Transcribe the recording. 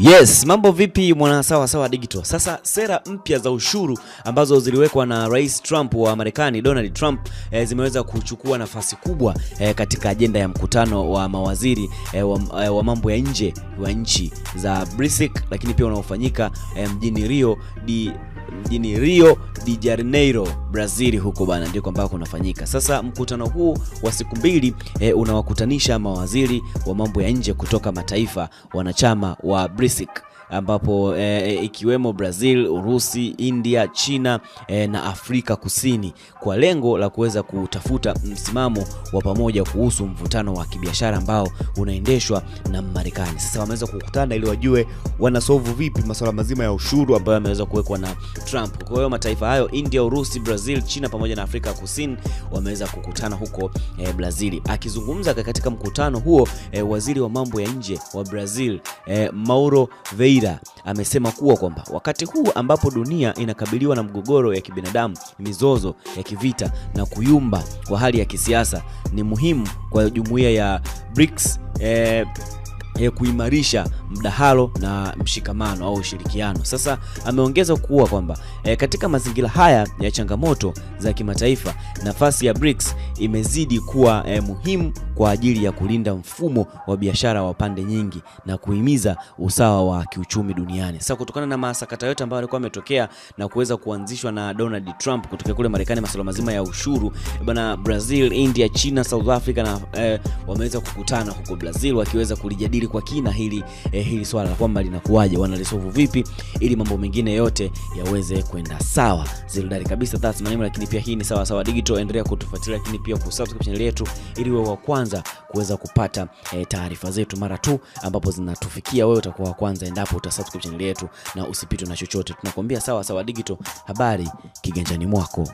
Yes, mambo vipi mwana sawa sawa digital. Sasa sera mpya za ushuru ambazo ziliwekwa na Rais Trump wa Marekani, Donald Trump e, zimeweza kuchukua nafasi kubwa e, katika ajenda ya mkutano wa mawaziri e, wa, e, wa mambo ya nje wa nchi za BRICS, lakini pia unaofanyika e, mjini Rio di mjini Rio de Janeiro, Brazil huko bana, ndiko ambako unafanyika sasa. Mkutano huu wa siku mbili e, unawakutanisha mawaziri wa mambo ya nje kutoka mataifa wanachama wa BRICS ambapo e, ikiwemo Brazil, Urusi, India, China e, na Afrika Kusini kwa lengo la kuweza kutafuta msimamo wa pamoja kuhusu mvutano wa kibiashara ambao unaendeshwa na Marekani. Sasa wameweza kukutana ili wajue wanasolve vipi masuala mazima ya ushuru ambayo yameweza kuwekwa na Trump. Kwa hiyo mataifa hayo India, Urusi, Brazil, China pamoja na Afrika Kusini wameweza kukutana huko e, Brazil. Akizungumza katika mkutano huo e, waziri wa mambo ya nje wa Brazil e, Mauro Vieira Bwira amesema kuwa kwamba wakati huu ambapo dunia inakabiliwa na mgogoro ya kibinadamu, mizozo ya kivita na kuyumba kwa hali ya kisiasa, ni muhimu kwa jumuiya ya BRICS, eh, eh, kuimarisha mdahalo na mshikamano au ushirikiano. Sasa ameongeza kuwa kwamba e, katika mazingira haya ya changamoto za kimataifa, nafasi ya BRICS imezidi kuwa e, muhimu kwa ajili ya kulinda mfumo wa biashara wa pande nyingi na kuhimiza usawa wa kiuchumi duniani. Sasa kutokana na masakata yote ambayo alikuwa ametokea na kuweza kuanzishwa na Donald Trump kutokea kule Marekani, masuala mazima ya ushuru bana, Brazil, India, China, South Africa na e, wameweza kukutana huko Brazil wakiweza kulijadili kwa kina hili e, eh, hili swala la kwamba linakuwaje, wanalisolve vipi ili mambo mengine yote yaweze kwenda sawa. Zilidari kabisa that's my name, lakini pia hii ni sawa sawa digital, endelea kutufuatilia, lakini pia kusubscribe channel yetu ili wewe wa kwanza kuweza kupata eh, taarifa zetu mara tu ambapo zinatufikia. Wewe utakuwa wa kwanza endapo utasubscribe channel yetu na usipitwe na chochote. Tunakwambia sawa sawa digital, habari kiganjani mwako.